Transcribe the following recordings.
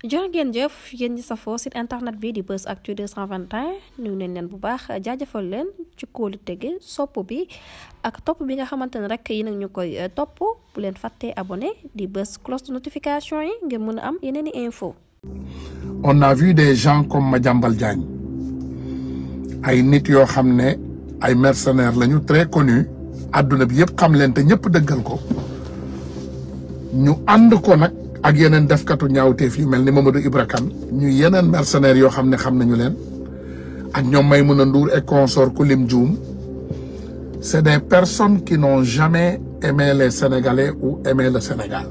jërë ngeen jëf yéen ñi safoo site internet bi di bës de Buzz Actu 221 nuyu nañ leen bu baax jaajëfal leen ci kóolu tege sopp bi ak topp bi nga xamante ne rek yi nag ñu koy euh, topp bu leen fatte abone di bës cloche de notification yi ngeen mën a am yeneen i info on a vu des gens comme jàmbal Diagne ay nit yoo xam ne ay mercenaires lañu très connu adduna bi yëpp xam leen te ñëpp dëggal ko ñu ànd ko nag ak yeneen defkatu ñaawteef yu mel ni Mamadou Ibra Kane ñu yeneen mercenaires yoo xam ne xam nañu leen ak ñoom may Maïmouna Ndour et consort ku lim juum c'est des personnes qui n'ont jamais aimé les Sénégalais ou aimé le Sénégal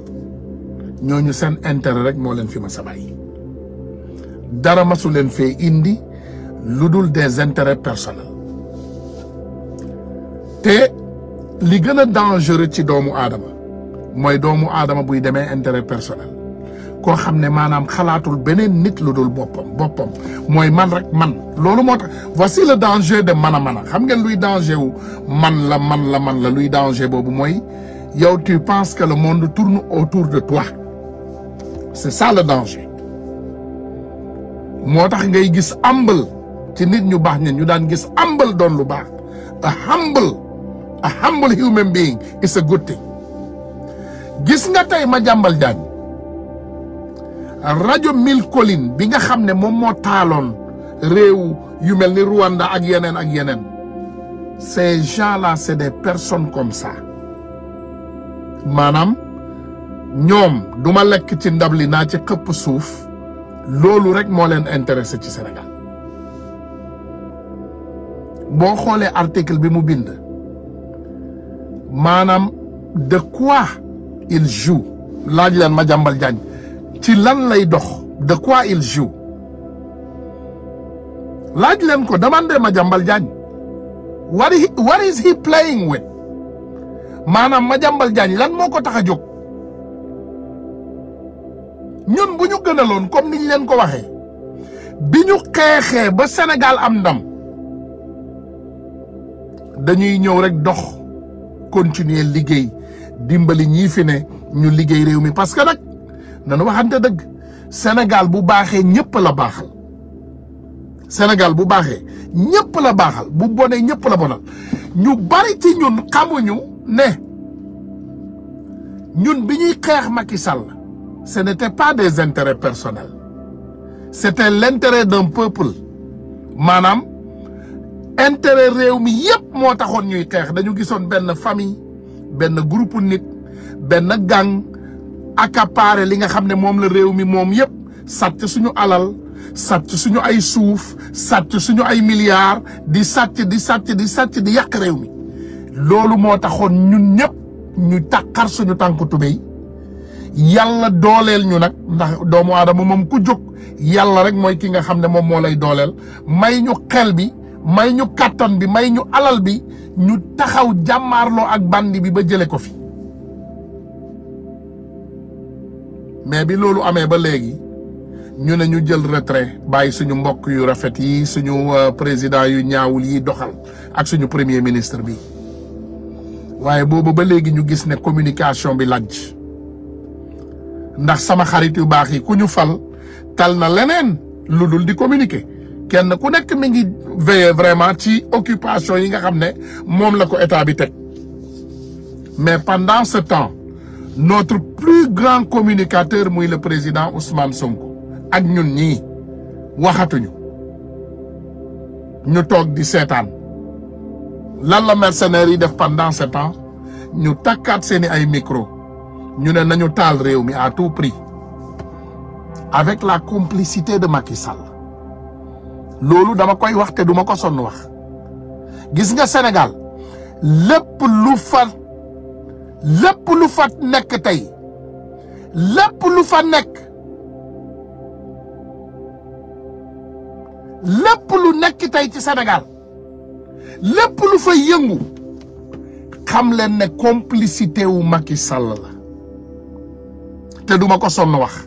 ñooñu seen intérêt rek moo leen fi ma sa bàyyi dara masu leen fee indi lu dul des intérêts personnels te li gën a dangereux ci doomu aadama mooy doomu aadama buy demee intérêt personnel koo xam ne maanaam xalaatul beneen nit lu dul boppam boppam mooy man rek man loolu moo tax voici le danger de man a man a xam ngeen luy danger wu man la man la man la luy danger boobu mooy yow tu penses que le monde tourne autour de toi c'est ça le danger moo tax ngay gis humble ci nit ñu baax ñi ñu daan gis humble doon lu baax a humble a humble human being is a good gis nga tey ma jàmbal Diagne rajo Mille Collines bi nga xam ne moom moo taaloon réew yu mel ni Rwanda ak yeneen ak yeneen ces gens-là c'est des personnes comme maanaam ñoom duma lekk ci ndab li naa ci xëpp suuf loolu rek moo leen intéressé ci Sénégal boo xoolee article bi mu bind maanaam de il joue laaj leen ma jàmbal jaañ ci lan lay dox de quoi il joue laaj leen ko demandé ma jàmbal jaañ what is he, playing with maanaam ma jàmbal jaañ lan moo ko tax a jóg ñun bu ñu gënaloon comme niñ leen ko waxe bi ñu xeexee ba senegal am ndam dañuy ñëw rek dox continuer liggéey dimbali ñii fi ne ñu liggéey réew mi parce que nag nanu waxante dëgg Sénégal bu baaxee ñëpp la baaxal Sénégal bu baaxee ñëpp la baaxal bu bone ñëpp la bonal ñu bari ci ñun xamuñu ne ñun bi ñuy xeex Macky Sall ne n'était pas des intérêts personnels c'était l'intérêt d'un peuple maanaam intérêt réew mi yëpp moo taxoon ñuy xeex dañu gisoon benn famille benn groupe nit benn gang accaparé li nga xam ne moom la réew mi moom yépp sàcc suñu alal sàcc suñu ay suuf sàcc suñu ay milliards di sàcc di sàcc di sàcc di yàq réew mi loolu moo taxoon ñun ñëpp ñu tàqar suñu tànku tubéy yàlla dooleel ñu nag ndax doomu aadama moom ku jóg yàlla rek mooy ki nga xam ne moom moo lay dooleel may ñu xel bi may ñu kàttan bi may ñu alal bi ñu taxaw jàmmaarloo ak bandi bi ba jële ko fi mais bi loolu amee ba léegi ñu ne ñu jël retrait bàyyi suñu mbokk yu rafet yi suñu euh, président yu ñaawul yi doxal ak suñu premier ministre bi waaye boobu ba léegi ñu gis ne communication bi lajj ndax sama xarit yu baax yi ku ñu fal tal na leneen lu dul di communiquer kenn ku nekk mi ngi veiller vraiment ci occupation yi nga xam ne moom la ko état bi teg mais pendant ce temps notre plus grand communicateur muy le président Ousmane ko ak ñun ñii waxatuñu ñu toog di seetaan lan la mercenaires yi def pendant ce temps ñu takkaat seeni ay micro ñu ne nañu taal réew mi à tout prix avec la complicité de Macky Sall loolu dama koy wax te duma ko sonn wax gis nga Sénégal lépp lu fa lépp lu fa nekk tey lépp lu fa nekk lépp lu nekk tey ci Sénégal lépp lu fa yëngu xam leen ne complicité wu Macky Sall la te duma ko sonn wax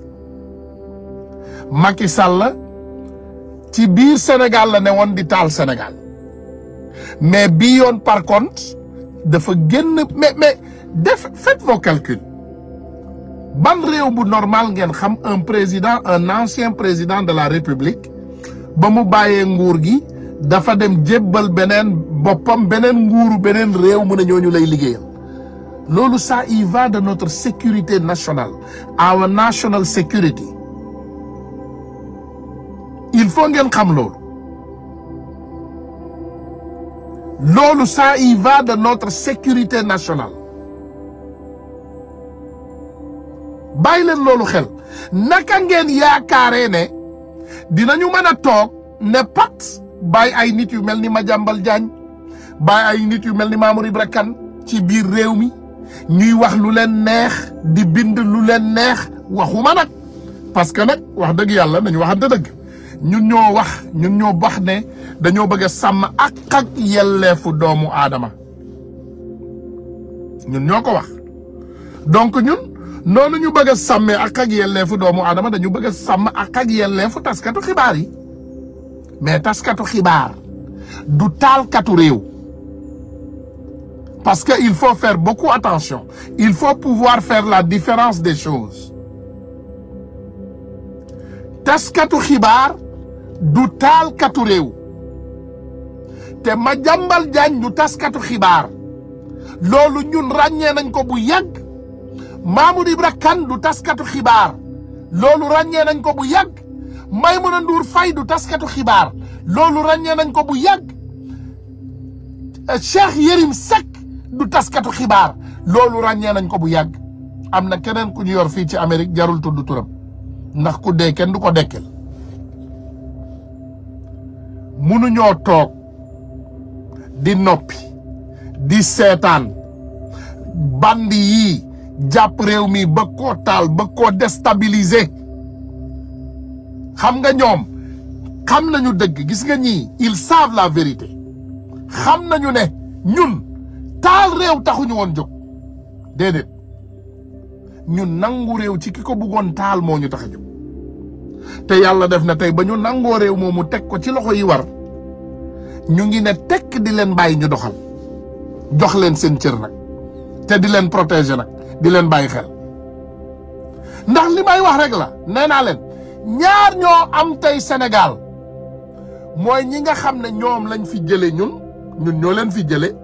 Macky salla ci biir Sénégal la ne woon di taal Sénégal mais bii yoon par contre dafa génn mais def faites vos calculs ban réew bu normal ngeen xam un président un ancien président de la République ba mu bàyyee nguur gi dafa dem jébbal beneen boppam beneen nguuru beneen réew mu ne ñooñu lay liggéeyal loolu ça y va de notre sécurité nationale our national security il faut ngeen xam loolu loolu ça y va de notre sécurité nationale bàyyi leen loolu xel naka ngeen yaakaaree ne dinañu mën a toog ne pat bàyyi ay nit yu mel ni Madiambal Diagne bàyyi ay nit yu mel ni Mamour Ibra ci biir réew mi ñuy wax lu leen neex di bind lu leen neex waxuma nag parce que nag wax dëgg yàlla nañu waxante dëgg ñun ñoo wax ñun ñoo wax ne dañoo bëgg sàmm ak ak yelleefu doomu aadama ñun ñoo ko wax donc ñun noonu ñu bëgg a sàmmee ak ak yelleefu doomu aadama dañu bëgg sàmm ak ak yelleefu taskatu xibaar yi mais taskatu xibaar du taalkatu réew parce que il faut faire beaucoup attention il faut pouvoir faire la différence des choses taskatu xibaar du taalkatu réew te ma Madiambal Diagne du taskatu xibaar loolu ñun ràññee nañ ko bu yàgg Mamour Ibra Kane du taskatu xibaar loolu ràññee nañ ko bu yàgg mu na Ndour Faye du taskatu xibaar loolu ràññee nañ ko bu yàgg Cheikh Yérim Seck du taskatu xibaar loolu ràññee nañ ko bu yàgg am na keneen ku ñu yor fii ci Amérique jarul tudd turam ndax ku dee kenn du ko dekel mënuñoo toog di noppi di seetaan bandi yii jàpp réew mi ba koo taal ba koo xam nga ñoom xam nañu dëgg gis nga ñii ils savent la vérité xam nañu ne ñun taal réew taxuñu woon jóg déedéet ñun nangu réew ci ki ko buggoon taal moo ñu tax a jóg te yàlla def na tey ba ñu nangoo réew moomu teg ko ci loxo yi war ñu ngi ne tekk di leen bàyyi ñu doxal jox leen seen cër nag te di leen protégé nag di leen bàyyi xel ndax li may wax rek la nee naa leen ñaar ñoo am tey Sénégal mooy ñi nga xam ne ñoom lañ fi jële ñun ñun ñoo leen fi jële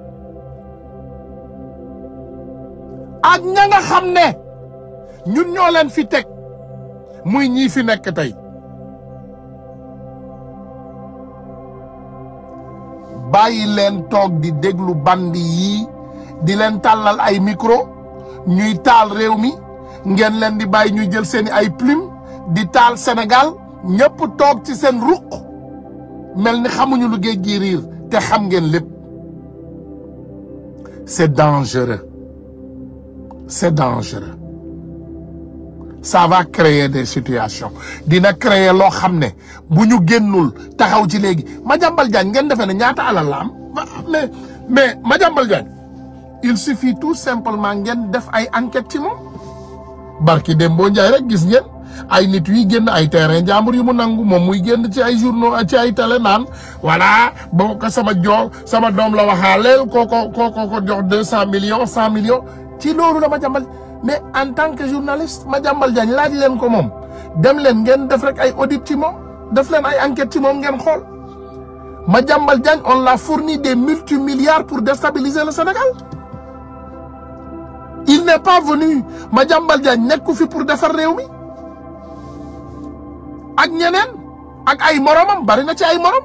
ak ña nga xam ne ñun ñoo leen fi teg muy ñii fi nekk tey bàyyi leen toog di déglu bandi yii di leen tàllal ay micro ñuy taal réew mi ngeen leen di bàyyi ñuy jël seeni ay plume di taal senegal ñëpp toog ci seen ruq mel ni xamuñu lu géej gi riir te xam ngeen lépp c'est dangereux c'est dangereux sa va créer des situations dina créer loo xam ne bu ñu génnul taxaw ci léegi Madiambal Diagne ngeen defee ne ñaata alal la am mais majambal Madiambal Diagne il suffit tout simplement ngeen def ay enquête ci moom barki Dembo Ndiaye rek gis ngeen ay nit yuy génn ay terrain jàmbur yu mu nangu moom muy génn ci ay journaux ci ay télé naan voilà boo ko sama joor sama doom la waxaaleel koo ko ko ko jox deux cent millions cent millions ci loolu la Madiambal mais en tant que journaliste jàmbal Diagne laaj leen ko moom dem leen ngeen def rek ay audit ci moom def leen ay enquête ci moom ngeen xool Madiambal Diagne on l'a fourni des multimilliards pour déstabiliser le Sénégal il n'est pas venu jàmbal Diagne nekku fi pour defar réew mi ak ñeneen ak ay moromam bari na ci ay morom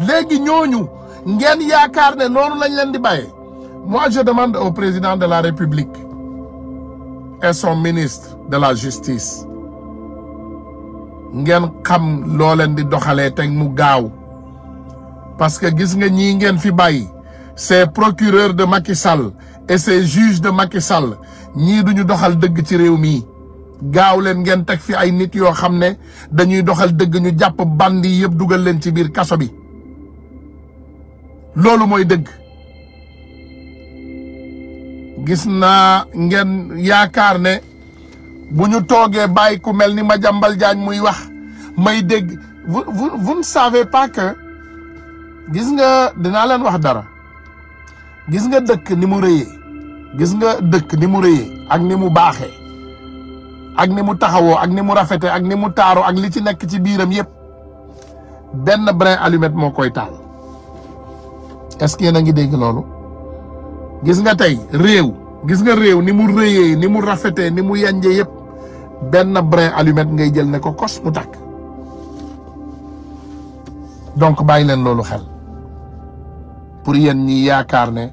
léegi ñooñu ngeen yaakaar ne noonu lañ leen di bàyyee Moi, je demande au président de la République et ministre de la Justice ngeen xam loo leen di doxalee teg mu gaaw parce que gis nga ñii ngeen fi bàyyi ces procureurs de Macky Sall et ces juges de Macky Sall ñii duñu doxal dëgg ci réew mi gaaw leen ngeen teg fi ay nit yoo xam ne dañuy doxal dëgg ñu jàpp bandi yëpp dugal leen ci biir kaso bi loolu mooy dëgg. gis naa ngeen yaakaar ne bu ñu toogee bàyyi ku mel ni Madiambal Diagne muy wax may dégg vous vous vous ne pas que gis nga dinaa leen wax dara gis nga dëkk ni mu rëyee gis nga dëkk ni mu rëyee ak ni mu baaxe ak ni mu taxawoo ak ni mu rafete ak ni mu taaro ak li ci nekk ci biiram yépp benn brin allumette moo koy taal est-ce que yéen a ngi dégg loolu gis nga tey réew gis nga réew ni mu rëyee ni mu rafete ni mu yanjee yëpp benn brin allumette ngay jël ne ko kos mu tàkk donc bàyyi leen loolu xel pour yéen ñi yaakaar ne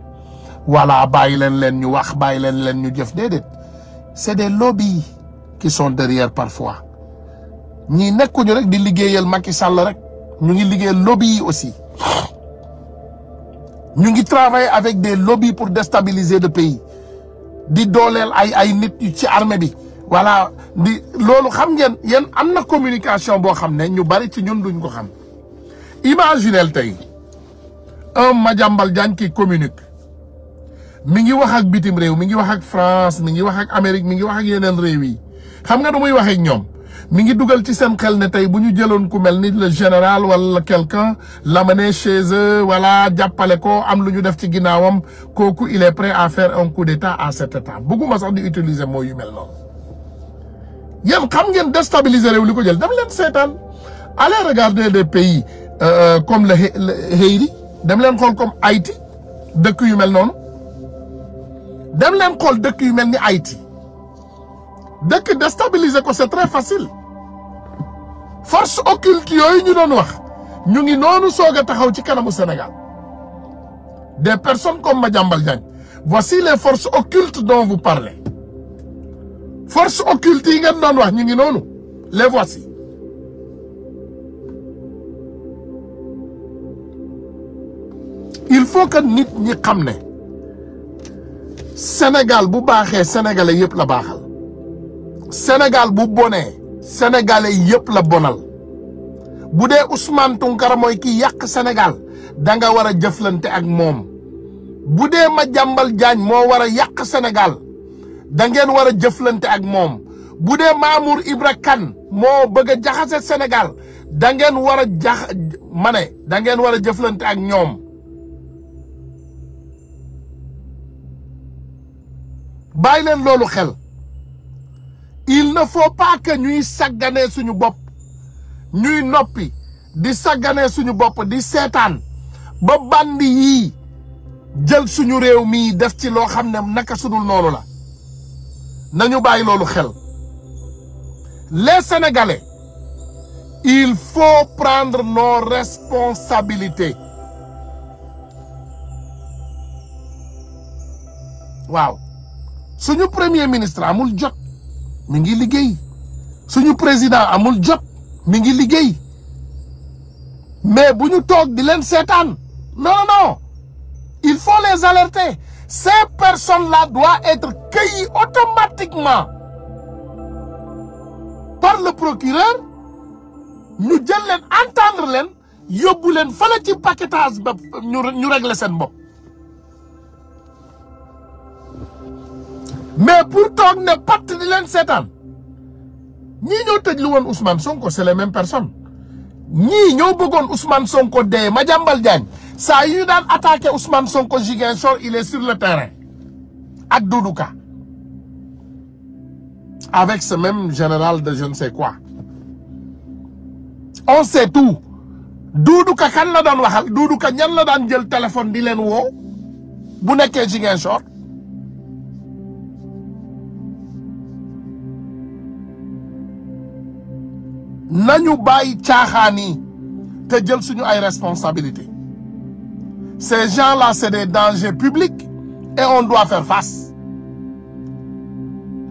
voilà bàyyi leen leen ñu wax bàyyi leen leen ñu jëf déedéet c'est des lobbies qui sont derrière parfois ñii nekkuñu rek di liggéeyal Macky Sall rek ñu ngi liggéeyal lobby yi aussi ñu ngi travailler avec des lobbies pour destabiliser le pays di dooleel ay ay nit ci armée bi voilà di loolu xam ngeen yéen am na communication boo xam ne ñu bari ci ñun duñ ko xam imaginel tey ma Madiambal Diagne qui communique mi ngi wax ak bitim réew mi ngi wax ak France mi ngi wax ak Amérique mi ngi wax ak yeneen réew yi xam nga du muy waxee ñoom mi ngi dugal ci seen xel ne tey bu ñu jëloon ku mel ni le général wala quelqu'un l'amener chez eux voilà jàppale ko am lu ñu def ci ginnaawam kooku il est prêt à faire un coup d'état à cet état bëgguma sax di utiliser moo yu mel noonu yéen xam ngeen déstabiliser réew li ko jël daf leen seetaan allez regarder des pays euh, euh, comme le Haïti dem leen xool comme Haïti dëkk yu mel noonu dem leen xool dëkk yu mel ni Haïti dëkk déstabiliser ko c'est très facile force occulte yooyu ñu doon wax ñu ngi noonu soog a taxaw ci kanamu senegaal des personnes comme Madiambal Diagne voici les forces occultes dont vous parlez forces occultes yi ngeen doon wax ñu ngi noonu les voici il faut que nit ñi xam ne Sénégal bu baaxee sénégalais yëpp la baaxal Sénégal bu bonee sénégalais yëpp la bonal bu dee Ousmane Tounkara mooy ki yàq Sénégal da war a jëflante ak moom bu dee Madiambal Diagne moo war a yàq Sénégal da ngeen war a jëflante ak moom bu dee Mamour Ibra Kane moo bëgg a jaxase Sénégal da ngeen war a jax ma ne da ngeen war a jëflante ak ñoom bàyyi leen loolu xel il na faut pas ñuy sagganee suñu bopp ñuy noppi di saggane suñu bopp di seetaan ba bandi yii jël suñu réew mii def ci loo xam ne naka sunul noonu la nañu bàyyi loolu xel les senegale il faut prendre nos responsabilités waaw suñu premier ministre amul jot. mi ngi liggéey suñu président amul jot mi ngi liggéey mais bu ñu toog di leen seetaan non il faut les alerter ces personnes-là doivent être cueillies automatiquement par le procureur ñu jël leen entendre leen yóbbu leen fële ci paquetage ba ñu ñu régler seen bopp mais pour toog ne patt di leen seetaan ñii ñoo tëj lu woon Ousmane Sonko c'est les mêmes personnes ñii ñoo bëggoon Ousmane Sonko dee Madiambal Diagne saa yu daan attaqué Ousmane Sonko Ziguinchor il est sur le terrain ak Doudou Ka avec ce même général de je ne sais quoi on sait tout Doudou kan la daan waxal Doudou ñan la daan jël téléphone di leen woo bu nekkee Ziguinchor nañu bàyyi caaxaan yi te jël suñu ay responsabilité ces gens la c'est des dangers publics et on doit faire face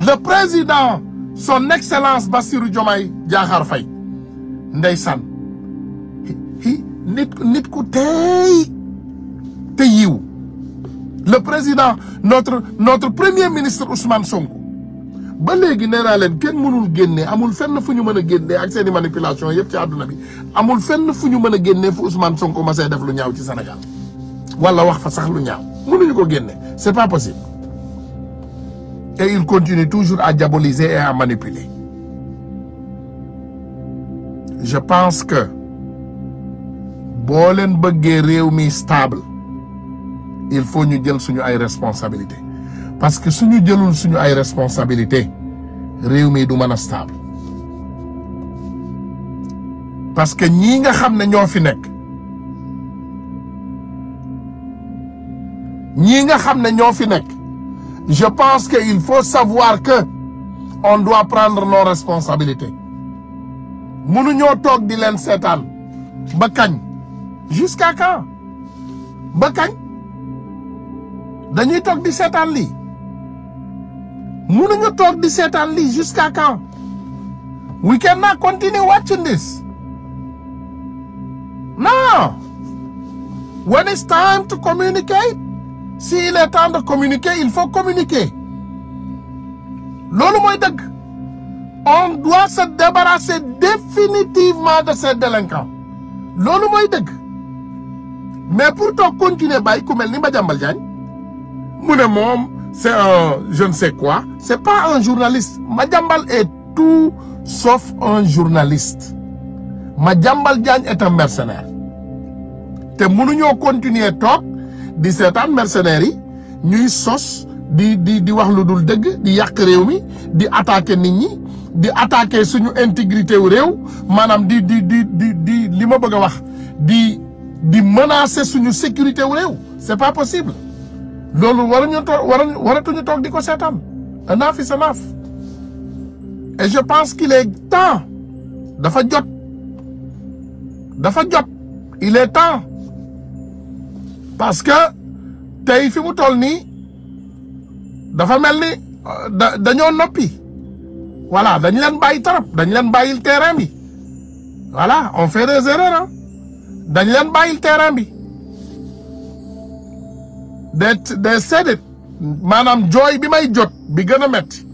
le président son excellence Bassirou Diomaye Diakhar Faye ndeysaan nit nit ku tey te yiw le président notre notre premier ministre Ousmane Sonko ba léegi nee leen kenn mënul génne amul fenn fu ñu mën a génne ak seen i manipulation yëpp ci àdduna bi amul fenn fu ñu mën a génne fu Ousmane Sonko masee def lu ñaaw ci Sénégal wala wax fa sax lu ñaaw mënuñu ko génne c'est pas possible et il continue toujours à diaboliser et à manipuler je pense que boo leen bëggee réew mi stable il faut ñu jël suñu ay responsabilités parce que suñu jëlul suñu ay responsabilité réew mi du mën a stable parce que ñii nga xam ne ñoo fi nekk ñii nga xam ne ñoo fi nekk je pense que il faut savoir que on doit prendre nos responsabilités mënuñoo toog di leen seetaan ba kañ jusqu'à quand dañuy toog di seetaan lii mënuñu toog di seetaan lii jusqu'à quand we cannot continue watching this non when it's time to communicate s'il est temps de communiquer il faut communiquer loolu mooy dëgg on doit se débarrasser définitivement de ces délinquants loolu mooy dëgg mais pour toog continuer bàyyi ku mel ni mu ne moom c'est un je ne sais quoi c'est pas un journaliste Madiambal est tout sauf un journaliste Madiambal Diagne est un mercenaire te mënuñoo continuer toog di seetaan mercenaires yi ñuy sos di di di wax lu dul dëgg di yàq réew mi di attaquer nit ñi di attaquer suñu intégrité wu réew maanaam di di di di di li ma bëgg a wax di di menacer suñu sécurité wu réew c'est pas possible loolu waruñu toog waruñu waratuñu toog di ko seetaan anaaf is anaaf et je pense qu'il est temps dafa jot dafa jot il est temps parce que tey fi mu toll nii dafa mel ni euh, da dañoo noppi voilà dañ leen bàyyi tarap dañ leen bàyyil terrain bi voilà on fait des erreurs dañ leen bàyyil terrain bi de they said maanaam jooy bi may jot bi gën a métti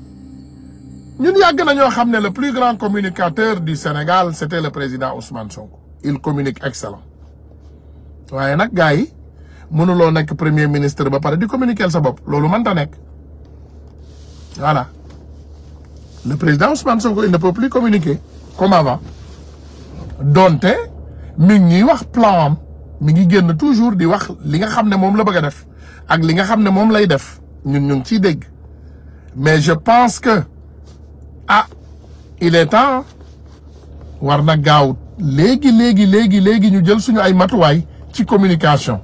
ñun yàgg na ñoo xam ne le plus grand communicateur du Sénégal c'était le président Ousmane Sonko il communique excellent waaye nag gars yi mënuloo nekk premier ministre ba pare di communiquer sa bopp loolu mënta nekk voilà le président Ousmane Sonko il ne peut plus communiquer comme avant donte mi ñuy wax plan am mi ngi génn toujours di wax li nga xam ne moom la bëgg a def ak li nga xam ne moom lay def ñun ñu ngi ciy dégg mais je pense que ah il est temps war na gaaw léegi léegi léegi léegi ñu jël suñu ay matuwaay ci communication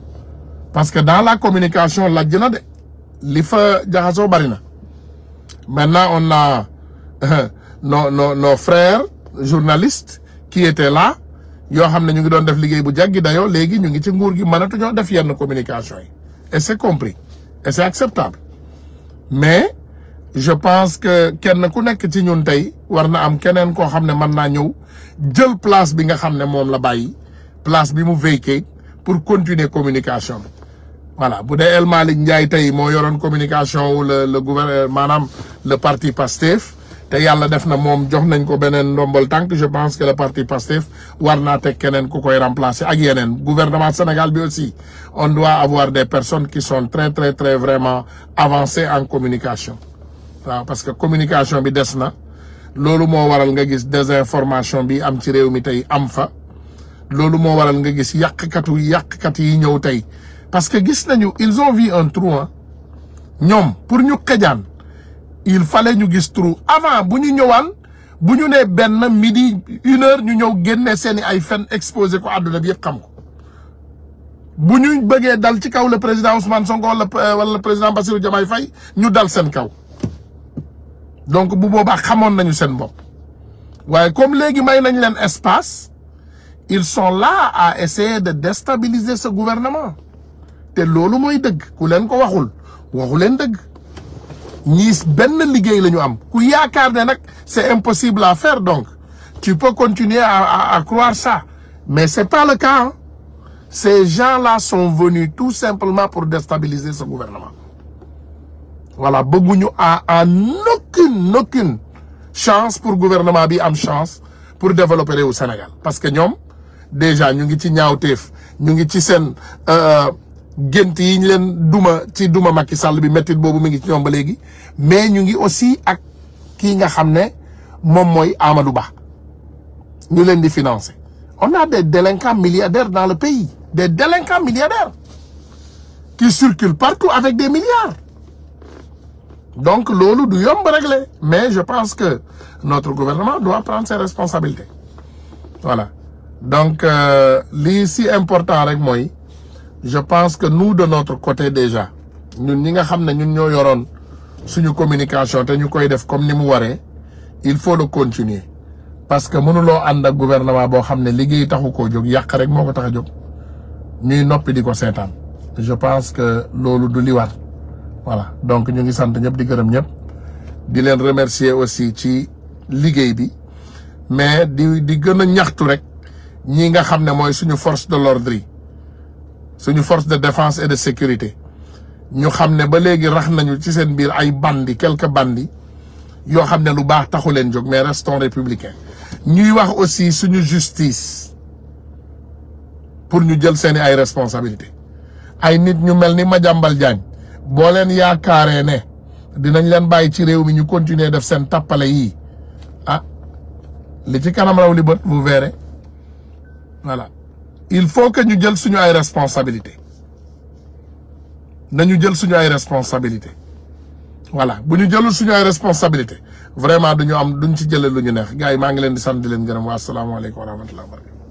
parce que dans la communication lajj na de li fa jaxasoo bari na maintenant on a euh, nos nos nos frères journalistes qui étaient là yoo xam ne ñu ngi doon def liggéey bu jàggi dayoo léegi ñu ngi ci nguur gi ñoo def yenn communication yi et c'est compris et c'est acceptable mais je pense que kenn ku nekk ci ñun tey war na am keneen koo xam ne mën naa ñëw jël place bi nga xam ne moom la bàyyi place bi mu véhiculer pour continuer communication bi voilà bu dee El Malick Ndiaye tey moo yoroon communication wu le le gouvernement maanaam le parti Pastef te yàlla def na moom jox nañ ko beneen ndombal tànk je pense que le parti Pastef war naa te keneen ku koy remplacer ak yeneen gouvernement Sénégal bi aussi on doit avoir des personnes ki son très très très vraiment avancé en communication waaw parce que communication bi des na loolu moo waral nga gis désinformation bi am ci réew mi tey am fa loolu moo waral nga gis yàqkatu yàqkat yi ñëw tey parce que gis nañu ils ont vu un trou ñoom pour ñu xejaan il fale ñu gis trou avant bu ñu ñëwaan bu ñu nee benn midi une heure ñu ñëw génne seeni ay fen exposé ko àdduna bi yëpp xam ko bu ñu bëggee dal ci kaw le président Ousmane Sonko wala euh, wala président Bassirou Diomaye fay ñu dal seen kaw donc bu boobaa xamoon nañu seen bopp waaye comme léegi may nañ leen espace ils sont la à essayer de déstabiliser ce gouvernement te loolu mooy dëgg ku leen ko waxul waxu leen dëgg. ñii benn liggéey la ñu am ku yaakaar ne nag c'est impossible à faire donc tu peux continuer à à, à croire ça mais c'est pas le cas hein. ces gens-là sont venus tout simplement pour déstabiliser ce gouvernement voilà bëgguñu à en aucune aucune chance pour gouvernement bi am chance pour développer réewu Sénégal parce que ñoom déjà ñu ngi ci ñaaw ñaawteef ñu ngi ci seen euh, gént yi ñu leen duma ci duma Macky Sall bi méttit boobu mi ngi ci ñoom ba léegi mais ñu ngi aussi ak kii nga xam ne moom mooy Amadou Ba ñu leen di financer on a des délinquants milliardaires dans le pays des délinquants milliardaires qui circulent partout avec des milliards donc loolu du yomb régler mais je pense que notre gouvernement doit prendre ses responsabilités voilà donc euh, li si important rek mooy je pense que nous de notre côté déjà ñun ñi nga xam ne ñun ñoo yoroon suñu communication te ñu koy def comme ni mu waree il faut le continuer parce que mënuloo ànd ak gouvernement boo xam ne liggéey taxu koo jóg yàq rek moo ko tax a jóg ñuy noppi di ko seetaan je pense que loolu du li war voilà donc ñu ngi sant ñëpp di gërëm ñëpp di leen remercier aussi ci liggéey bi mais di di gën a ñaxtu rek ñi nga xam ne mooy suñu force de l'ordre yi suñu force de défense et de sécurité ñu xam ne ba léegi rax nañu ci seen biir ay bandi quelques bandi yoo xam ne lu baax taxu leen jóg mais restons républicains ñuy wax aussi suñu justice pour ñu jël seeni ay responsabilité ay nit ñu mel ni ma jàmbal Diagne boo leen yaakaaree ne dinañ leen bàyyi ci réew mi ñu continuer def seen tappale yi ah li ci kanam raw li bët vous verrez il faut que ñu jël suñu ay responsabilité nañu jël suñu ay responsabilité voilà bu ñu jëlul suñu ay responsabilité vraiment duñu am duñ ci jëlee lu ñu neex gars yi maa ngi leen di sant di leen gërëm wa asalaamaaleykum wa rahmatulah wa barakatu